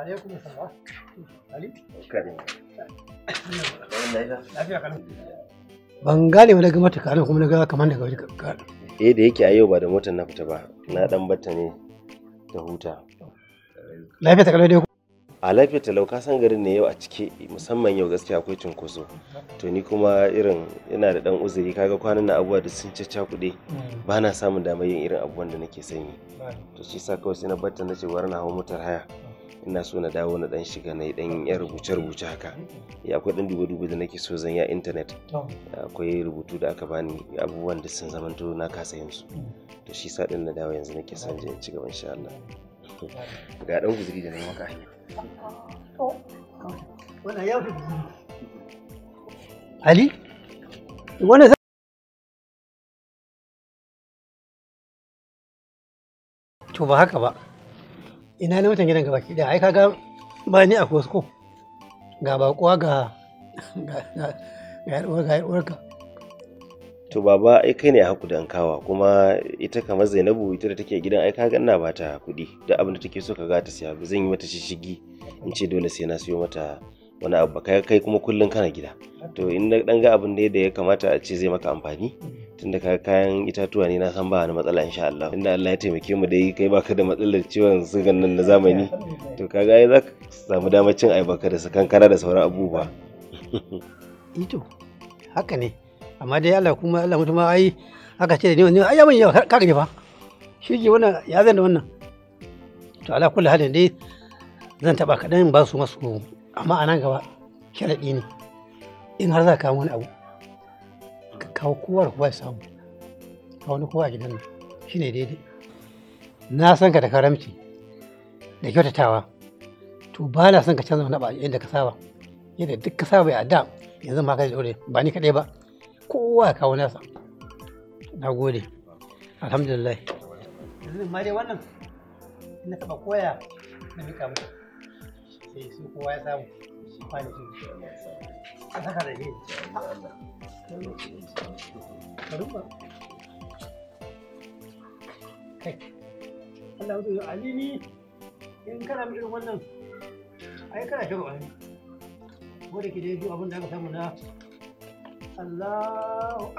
alaikum salam ali karin ban gane ba daga mata karin kuma daga kamar daga wajen karin eh da yake a yau ba da motar na fita ba na dan batta ne ta huta lafiya ta kalau dai a lafiya talau ka san garin ne yau a cike musamman yau gaskiya akwai cunkoso to ni kuma irin ina da dan uzuri kaga kwanan na abubuwa da sun cacca kuɗi mm. ba na samun damar yin irin abubuwan da nake sanyi to shi sa kawai sai na batta na ce war na hau motar haya ina so na dawo na dan shiga na dan ya rubuce rubuce haka ya eh, akwai dan duba dubu da nake so zan ya internet akwai rubutu da aka bani abubuwan da sun to na kasa yin su hmm. to shi sa din na dawo yanzu nake son je in ci gaba insha Allah ga dan guzuri da nayi maka hanya wannan ya fi Ali wannan to ba haka ba ina ne mutan gidan gabaki Da ai kaga ba ni a kosko ga bakuwa ga ga ga to baba ai kai ne a haku dan kawa kuma ita kamar zainabu ita da take gidan ai kaga ina ba ta kuɗi da abin da take so kaga ta siya zan yi mata shishigi in ce dole sai na siyo mata wani abu kai kai kuma kullun kana gida to in na dan ga abin da ya kamata a ce zai maka amfani tunda ka kayan itatuwa ne na san ba wani matsala insha Allah inda Allah ya taimake mu dai kai baka da matsalar ciwon sugan nan na zamani to kaga za ka samu damar cin baka da kankara da sauran abubuwa ito haka ne amma dai Allah kuma Allah mutum ai haka ce da ni ai yawan yawa ka gani fa shi ji wannan ya zan da wannan to ala kulli halin dai zan taba kaɗan ba su masu amma a nan gaba sharadi ne in har za ka kawo wani abu kawo kowar kowa ya samu kawo ni kowa a gidan shi ne daidai na san ka da karamci da kyautatawa to ba na son ka canza wani abu yadda ka saba yadda duk ka saba a da yanzu ma ka da dore ba ni kaɗai ba kowa ka wani nasa na gode alhamdulillah yanzu ma dai wannan ina taɓa koya na mika mutu sai su kowa ya samu shi kwanakin a Allah in kana irin wannan ai kana ko da ke abin da aka samu na Allahu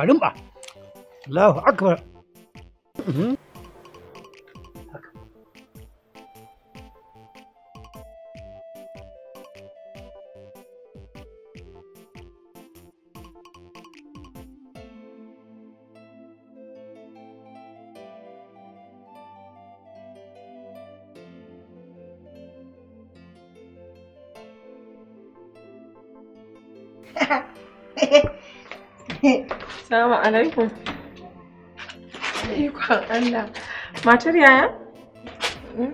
akbar الله أكبر السلام عليكم Ikon Allah. Matar yaya? Hmm?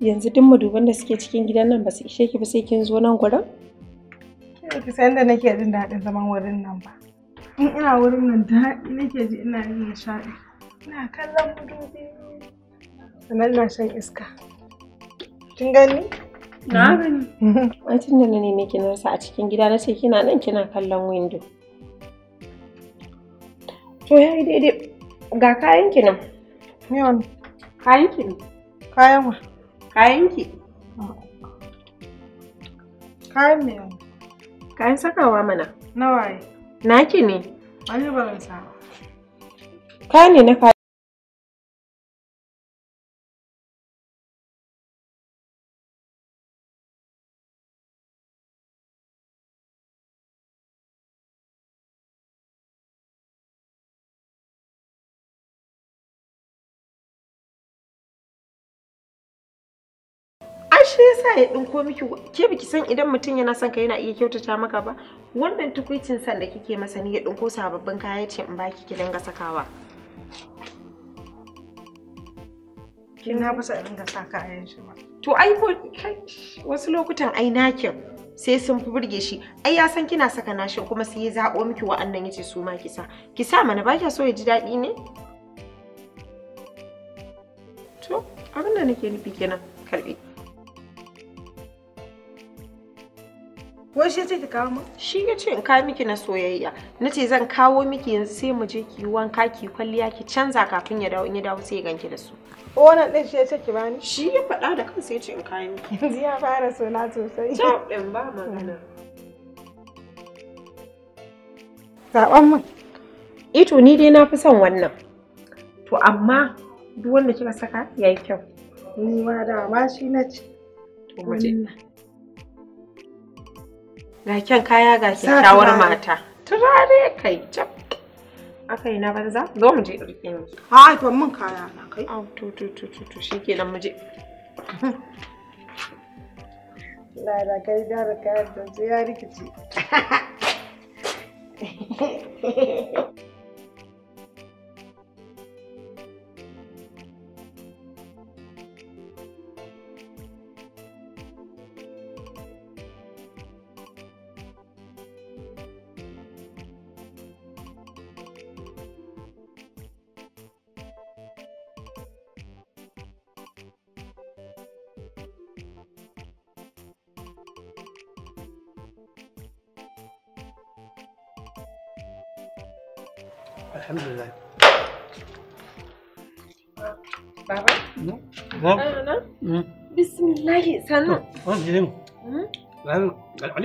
Yanzu duk maduban da suke cikin gidan nan ba su ishe ki ba sai kin zo nan gurin? Ki san da nake jin daɗin zaman wurin nan ba. In ina wurin nan daɗi nake ji ina yin nishaɗi. Ina kallon madubi. Sannan ina shan iska. Kin gani? Na gani. an tun da na neme ki na rasa a cikin gida na ce kina nan kina kallon windo. To ya yi daidai Ga kayan ki nan. Yawan. Kayan ki ne. Kayan wa? Kayan ki. Kayan me yawan? Kayan sakawa mana. Na waye? Naki ne. Wani ba zan sa. Kayan ne na kayan. shi yasa ya dinko miki ke biki san idan mutum yana son ka yana iya kyautata maka ba wannan tukuicin san da kike masa ne ya dinko sababbin kaya ce in baki ki dinga sakawa kin na fasa in dinga saka kayan shi ma to ai ko wasu lokutan ai nakin sai sun fi burge shi ai ya san kina saka nashi kuma sai ya zabo miki wa'annan yace su ma ki sa ki sa mana ba so ya ji dadi ne to abin da nake nufi kenan karbi ko shi ce ki kawo mu shi ya ce in kawo miki na soyayya na ce zan kawo miki yanzu sai mu je ki wanka ki kwalliya ki canza kafin ya dawo in ya dawo sai ya ganki da su o oh, wannan din shi ya ce ki bani shi ya faɗa da kansa ya ce in kawo miki yanzu ya fara sona sosai to din ba magana zaɓan mun ito eh ni dai na fi son wannan to amma duk wanda kika saka yayi kyau ni ma da shi na ce to mu Gakin kaya ga kyakkyawar mata. Turare kai jab. Aka yi na banza? Zo mu je ɗauke ni. Ha, ban mun kaya na kai. Au, to to to to to shi kenan mu je. Lara kai da da da ya rikici. Bismillahi sannan. Wani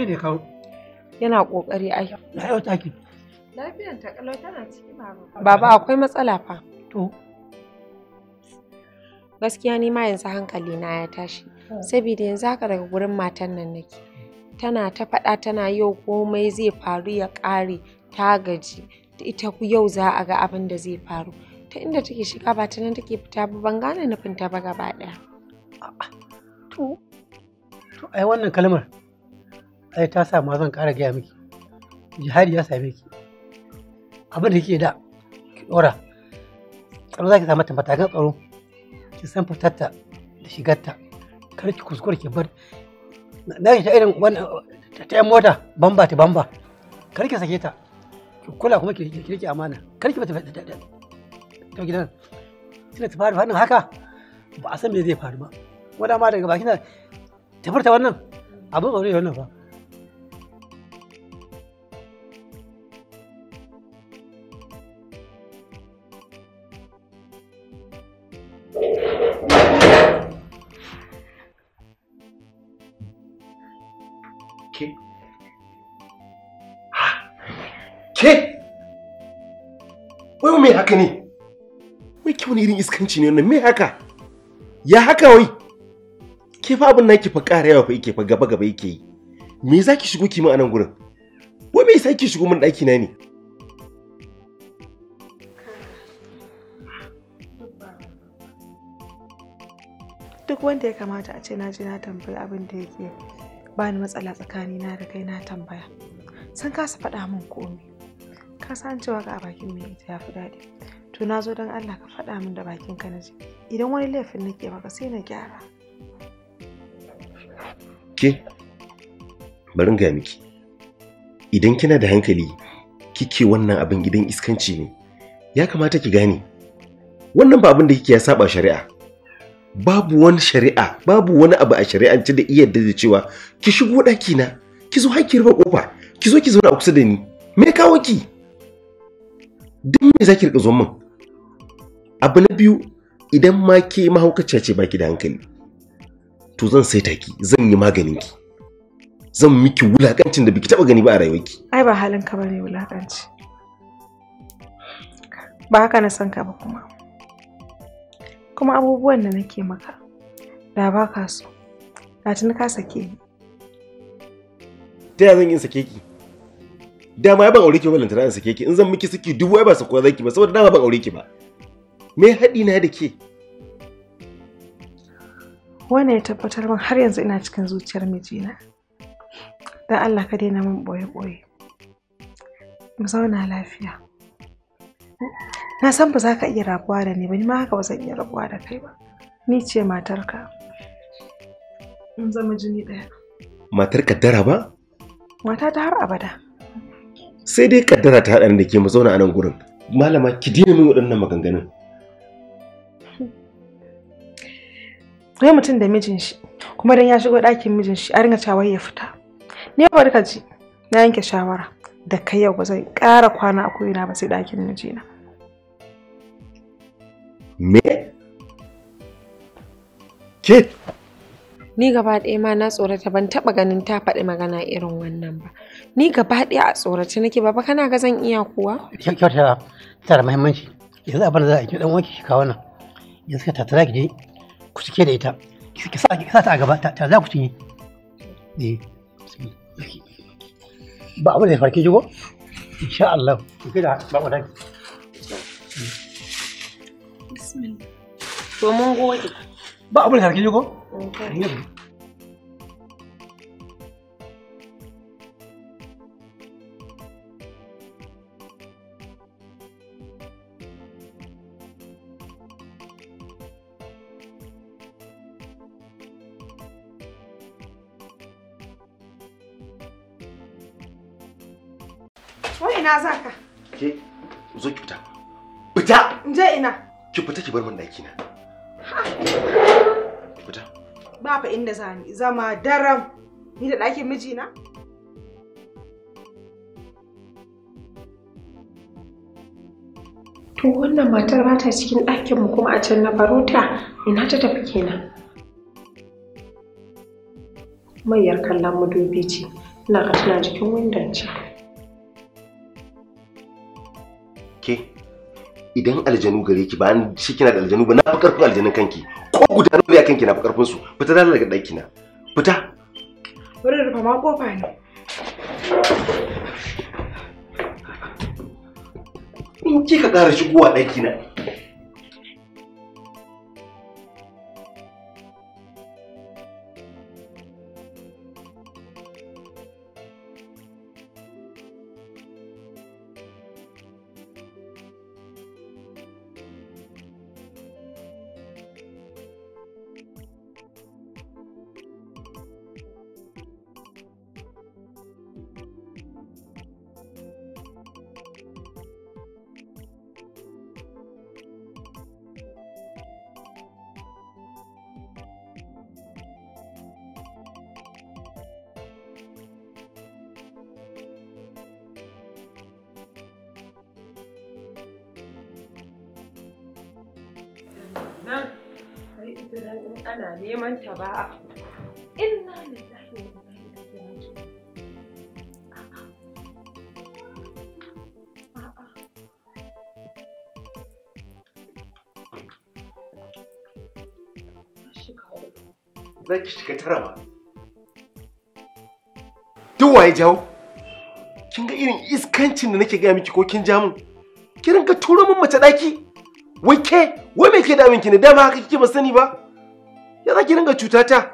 ne kawo. Yana ƙoƙari ai. Na yau taki. Lafiyan ta kalau tana ciki baba. Baba akwai matsala fa. To. Gaskiya ni ma yanzu hankali na ya tashi. Hm. sabida yanzu haka daga gurin matan nan nake. Tana ta faɗa tana yau komai zai faru ya ƙare ta gaji. Ita yau za a ga abin da zai faru. ta inda take shiga ba ta nan take fita ba ban gane nufin ta ba gaba daya To, to ai wannan kalmar ai ta sa ma zan ƙara gaya miki. Jihadi ya same ki. Abin da kike da ki ɗora. Tsaro za ki samu matakan tsaro. Ki san fitarta da shigarta. Kar ki kuskure ki bar. Na ta irin wannan ta mota bamba ta bamba. Kar ki sake ta. kula kuma ki rike amana. Kar ki bata yau gidan tunda ta faru fannin haka ba a san me zai faru ba wadda ma daga bakin ta furta wannan abin ba ya wannan ba ah! ke wai me haka ne wani irin iskanci ne wannan me haka ya haka wai ke fa abin naki fa ƙara yawa fa yake fa gaba gaba yake yi me za ki shigo kima a nan gurin wai me yasa ki shigo min ɗaki na ne duk wanda ya kamata a ce na je na tambayi abin da yake ba ni matsala tsakani na da kai na tambaya san kasa faɗa min komai ka san cewa ga a bakin mai ita ya fi daɗi to na zo don Allah ka faɗa min da bakin ka naji idan wani laifin nake maka sai na gyara ke bari ga miki idan kina da hankali kike wannan abin gidan iskanci ne ya kamata ki gane wannan ba abin da kike ya saba shari'a babu wani shari'a babu wani abu a shari'ance da iya da cewa ki shigo ɗaki na ki zo har ki kofa ki zo ki zauna a kusa da ni me kawo ki duk me zaki rika zo min abu na biyu idan ma ke mahaukaciya ce baki da hankali to zan saita ki zan yi maganin ki zan miki wulakancin da biki taba gani ba a ki. ai ba halin ka bane wulakanci ba haka na san ka ba kuma kuma abubuwan da nake maka da ba ka so da tuni ka sake ni ta zan yi sake ki dama ban aure ki ba lantana in sake ki in zan miki saki dubu ai ba sakuwa zaki ba saboda dama ban aure ki ba me haɗi na da ke wanda ya tabbatar min har yanzu ina cikin zuciyar mijina don allah ka daina min ɓoye-ɓoye mu zauna lafiya na san ba za ka iya rabuwa da ni ba ni ma haka ba zan iya rabuwa da kai ba ni ce matarka in zama jini ɗaya matar kaddara ba mata ta har abada sai dai kaddara ta haɗa da ke mu zauna a nan gurin malama ki dina min waɗannan maganganun Wai mutum da mijin shi, kuma dan ya shigo ɗakin mijin shi a ringa cewa ya fita. Ni ba ka ji, na yanke shawara da kai yau ba ƙara kwana a koyina ba sai ɗakin mijina. Me? Ke? Ni gaba ɗaya ma na tsorata ban taɓa ganin ta faɗi magana irin wannan ba. Ni gaba ɗaya a tsorata nake ba kana ga zan iya kuwa? Kyauta tana da muhimmanci. Yanzu abin da za a yi ɗan wanki shi kawo nan. Yanzu ka tattara ki je ku da ita ki sa ki sa ta gaba ta za ku cinye eh ba abu ne farki jigo insha Allah ku kira ba ku bismillah to mun gode ba abu ne farki jigo ki fita ki bar min daki na fita ba fa inda zani zama daram ni da ɗakin mijina To wannan matar ba ta cikin mu kuma a can na farota ina ta tafi kenan. Mayar kallon madubi ce, ina ka tana jikin windon Ke, idan aljanu gare ki ba shi kina da aljanu ba na fi karfin aljanun kanki ko guda nawa ne a kanki na fi karfin su fita da daga ɗaki na fita bari rufa ma kofa ne in kika ƙara shigowa ɗaki na nan kai ita nan in ana neman ta ba a inna lillahi wa inna Za ki shiga tara ba. Duk waye jawo? Kin ga irin iskancin da nake gaya miki ko kin ja min? Ki rinka turo min mace ɗaki? Wai ke? wai me ke damin ki ne dama haka kike ba sani ba ya za ki ringa cuta ta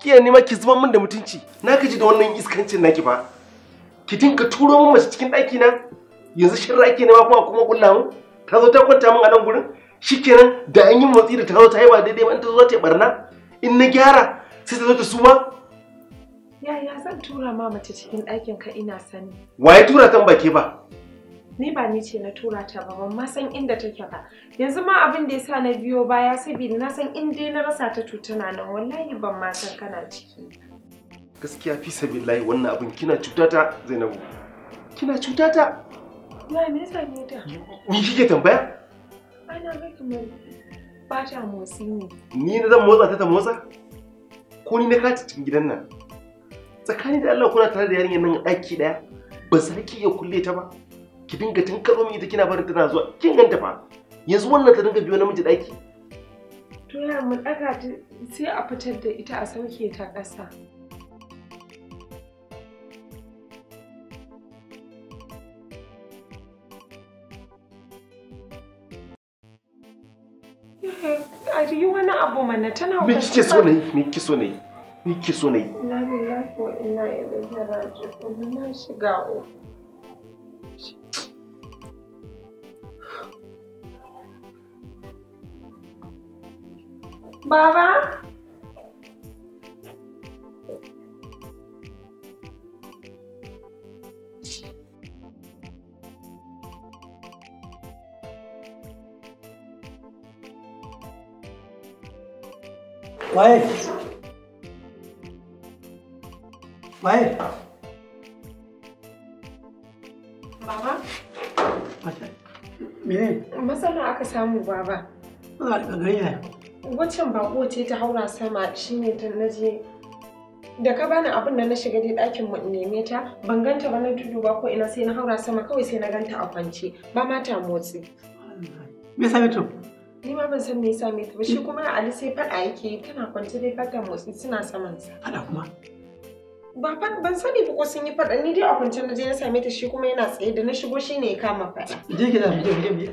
kiya nema ki zuba mun da mutunci na kaji da wannan iskancin naki ba ki dinka turo min mace cikin ɗaki na yanzu sharra ne ma kuma kuma kulla mu ta zo ta kwanta min a nan gurin shikenan da an yi motsi da ta zo ta yi ba daidai ba in ta zo ta barna in na gyara sai ta zo ta suma yaya zan tura ma mace cikin ɗakin ka ina sani waye tura tan bake ba ni ba ni ce na tura ta ba ban ma san inda take ba yanzu ma abin da yasa na biyo baya saboda na san in dai na rasa ta tutuna nan wallahi ban ma san kana ciki gaskiya fi sabillahi wannan abin kina cuta ta Zainabu kina ta wallahi me yasa ne ta ni kike tambaya ana ga mai ba ta motsi ne ni na zan motsa ta ta motsa ko ni na kata cikin gidan nan tsakani da Allah kuna tare da yarinyar nan ɗaki ɗaya ba za ki kulle ta ba ki dinga tun karo min ita kina barin tana zuwa kin ganta fa yanzu wannan ta dinga biyo namiji daki to ya mun daka ta sai a fitar da ita a sauke ta ƙasa a yi wani abu mana tana me kike so ne me kike so ne me kike so ne na lillahi wa inna na shiga uku Baba? Waye? Waye? Baba? Mene? Masana aka samu baba. Ina da waccan bako ce ta haura sama shine ta naje da ka bani abin da na shiga dai ɗakin mu neme ta ban ganta ba na ba ko ina sai na haura sama kawai sai na ganta a kwance ba ma ta motsi me yasa to ni ma ban san me yasa me ta ba shi kuma Ali sai fada yake tana kwance dai ba ta motsi suna saman sa fada kuma ba fa ban sani ba ko sun yi fada ni dai a kwance na je na same ta shi kuma yana tsaye da na shigo shine ya kama fada je ki da mu je mu je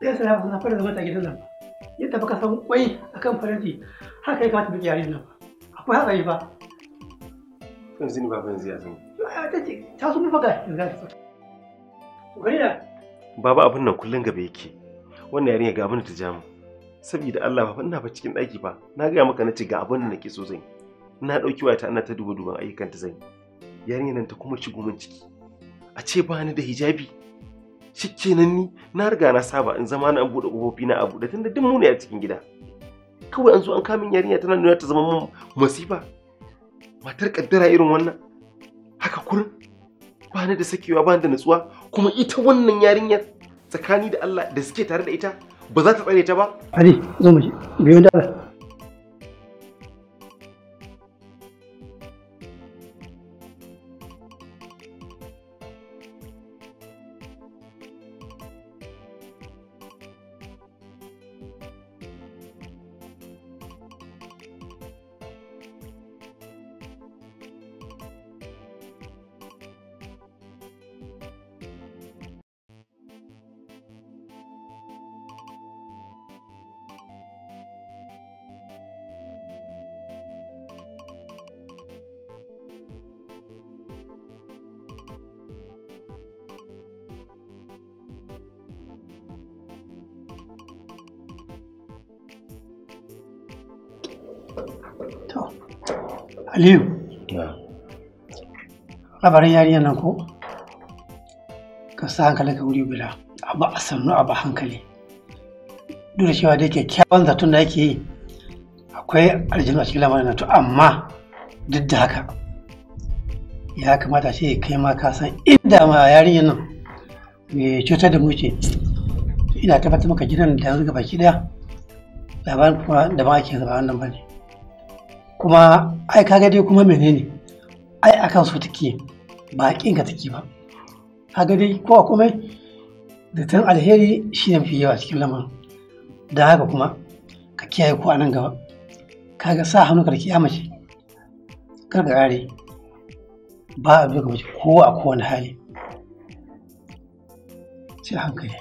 sai sai ba na fara zama ta gidan nan ba yadda baka san kwai akan faranti haka ya kamata muke yarin nan ba akwai hatsari ba yanzu ni baban ziya zan ta ce ta sun fa ga yanzu ta gariya baba abin nan kullun gaba yake wannan yarinya ga abin da ta ja mu saboda Allah ba ina ba cikin ɗaki ba na gaya maka na ce ga abin da nake so zan Ina na ɗauki wata ana ta duba duban ayyukan ta zan yi yarinya nan ta kuma shigo min ciki a ce ba ni da hijabi shikenan ni na riga na saba in zama na an buɗe na a buɗe tunda duk mu ne a cikin gida kawai an zo an kamin yarinya tana nuna ta zama mun masifa matar kaddara irin wannan haka kurin ba ni da sakewa ba ni da nutsuwa kuma ita wannan yarinyar tsakani da Allah da suke tare da ita ba za ta tsare ta ba Ali zo mu je biyo da Allah Aliyu. Labarin yariyar nan ko? Ka sa hankali ka wuri guda, abu a sannu abu hankali. Duk da cewa dai kyakkyawan zaton da ake yi akwai aljanu a cikin lamarin nan to amma duk da haka ya kamata ce kai ma ka san inda ma yarinyar nan mai cutar da muke. ina tabbatar maka gidan da yanzu gaba ki daya labarin kuma da ba ake zaba wannan ba ne. kuma ai kaga dai kuma menene ai akan su take ba ka take ba kaga dai ko a komai da tan alheri shi ne fi yawa cikin lamarin da haka kuma ka kiyaye ko a nan gaba kaga sa hannu ka kiyama mace kar ka kare ba a duka mace ko a kowane hali sai hankali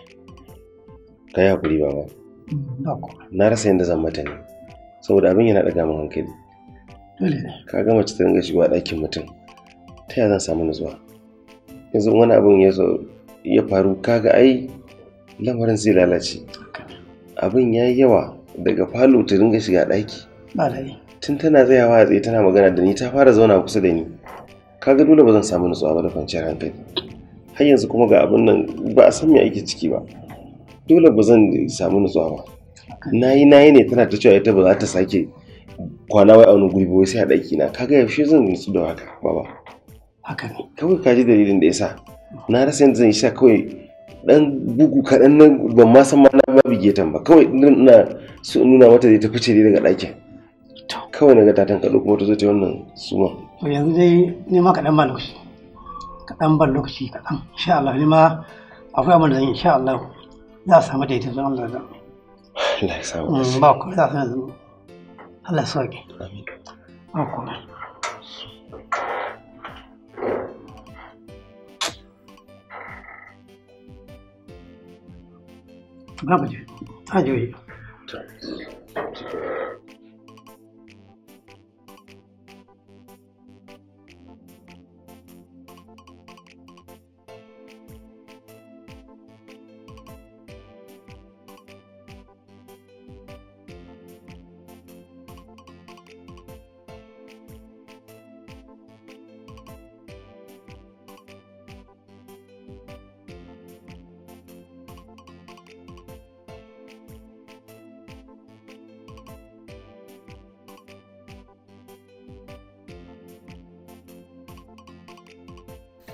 Ta yi hakuri baba mm, na rasa yadda zan mata ne saboda abin yana ɗaga mun hankali ka ga mace ta dinga shigowa ɗakin mutum ta yaya zan samu nutsuwa yanzu wani abin ya zo ya faru kaga ai lamarin zai lalace abin ya yi yawa daga falo ta dinga shiga ɗaki tun tana tsayawa a tsaye tana magana da ni ta fara zauna kusa da ni kaga dole ba zan samu nutsuwa ba da kwanciyar hankali har yanzu kuma ga abin nan ba a san me ake ciki ba dole ba zan samu nutsuwa ba na yi na yi ne tana ta cewa ita ba za ta sake kwana wai a wani guri ba sai a ɗaki na kaga yaushe zan nutsu da haka baba haka ne kawai kaji dalilin da yasa na rasa yanzu zan sha kawai dan bugu kaɗan nan ban ma san ma na ma bige tan ba kawai na so nuna mata zai ta fice ne daga ɗakin kawai na ga tatan kaɗo kuma ta zo ta wannan suma to yanzu dai ne ma kaɗan ba lokaci kaɗan ba lokaci kaɗan insha Allah ne ma akwai abin da zan insha Allah za a samu daidaito Allah da Allah ya sa mm, ba ku za a samu Allah sauke. Ba komai. Babu ne, ta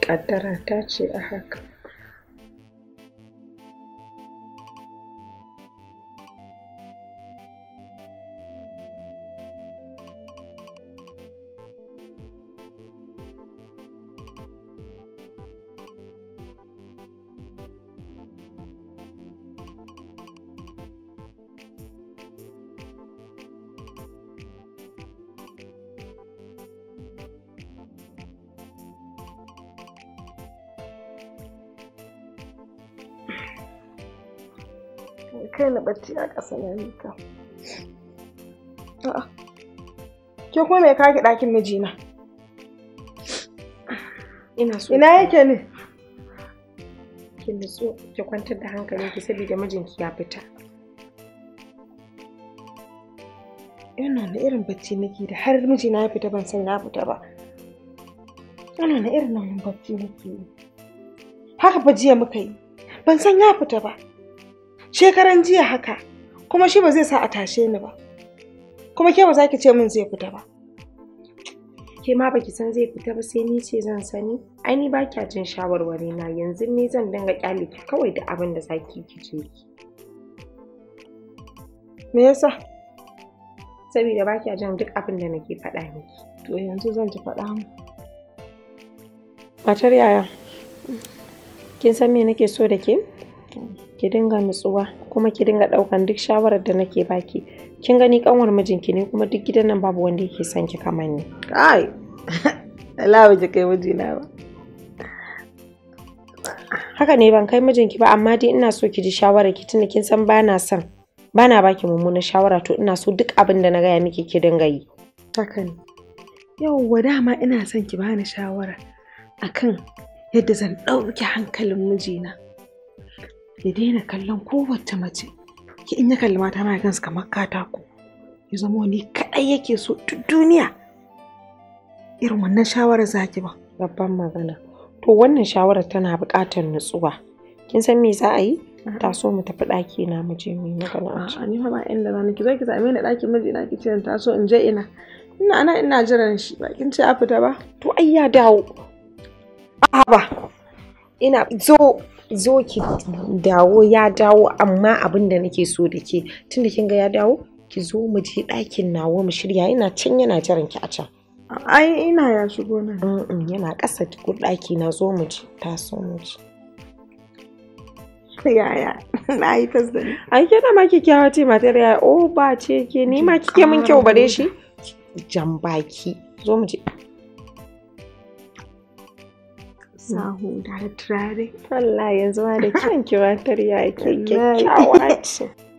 Ƙaddara ta ce a haka. kai na bacci a ƙasa na mika ke kuma mai kaki ɗakin mijina ina so ina yake ne ki nutsu ki kwantar da hankalinki saboda mijinki ya fita yana na irin bacci nake da har mijina ya fita ban san ya fita ba yana na irin nan bacci nake haka bajiya jiya muka yi ban san ya fita ba shekaran jiya haka kuma shi ba zai sa a tashe ni ba kuma ke ba za ki ce min zai fita ba ke ma baki san zai fita ba sai ni ce zan sani ai ni ba kya jin shawarwari na yanzu ni zan dinga kyale ki kawai da abin da za ki ki je ki me yasa saboda ba kya jin duk abin da nake faɗa miki to yanzu zan ji faɗa mu matar yaya kin san me nake so da ke ki dinga nutsuwa kuma ki dinga ɗaukan duk shawarar da nake baki kin gani kanwar mijinki ne kuma duk gidan nan babu wanda yake son ki kamar ni kai Allah ya kai mijina ba haka ne ban kai mijinki ba amma dai ina so ki ji shawarar ki tunda kin san bana son bana baki mummunan shawara to ina so duk abin da na gaya miki ki dinga yi haka ne dama ina son ki bani shawara akan yadda zan ɗauke hankalin mijina ya daina kallon kowace mace ki in ya kalli mata na gansu kamar katako ya zama wani kaɗai yake so duk duniya irin wannan shawarar ki ba babban magana to wannan shawarar tana buƙatar nutsuwa kin san me za a yi ta so mu tafi ɗaki na mu je mu yi magana a ni ba inda za ki zo ki same ni ɗakin miji na ki ce ta so in je ina ina ana ina jiran shi ba kin ce a fita ba to ai ya dawo a ba ina zo zo ki dawo ya dawo amma abin da nake so da ke tunda kin ga ya dawo ki zo mu je ɗakin nawa mu shirya ina can yana jiran ki a can ai ina ya shigo mm yana ƙasa tukur ɗaki na zo mu je ta so mu je yaya na yi tas da ai ke da ma kyawa ce matar yaya o oh, ba ce ke ni ma kike min kyau bare shi jan baki zo mu je sahu da turare. Allah yanzu ma da kyan kiwatar ya ke kyakkyawa ce.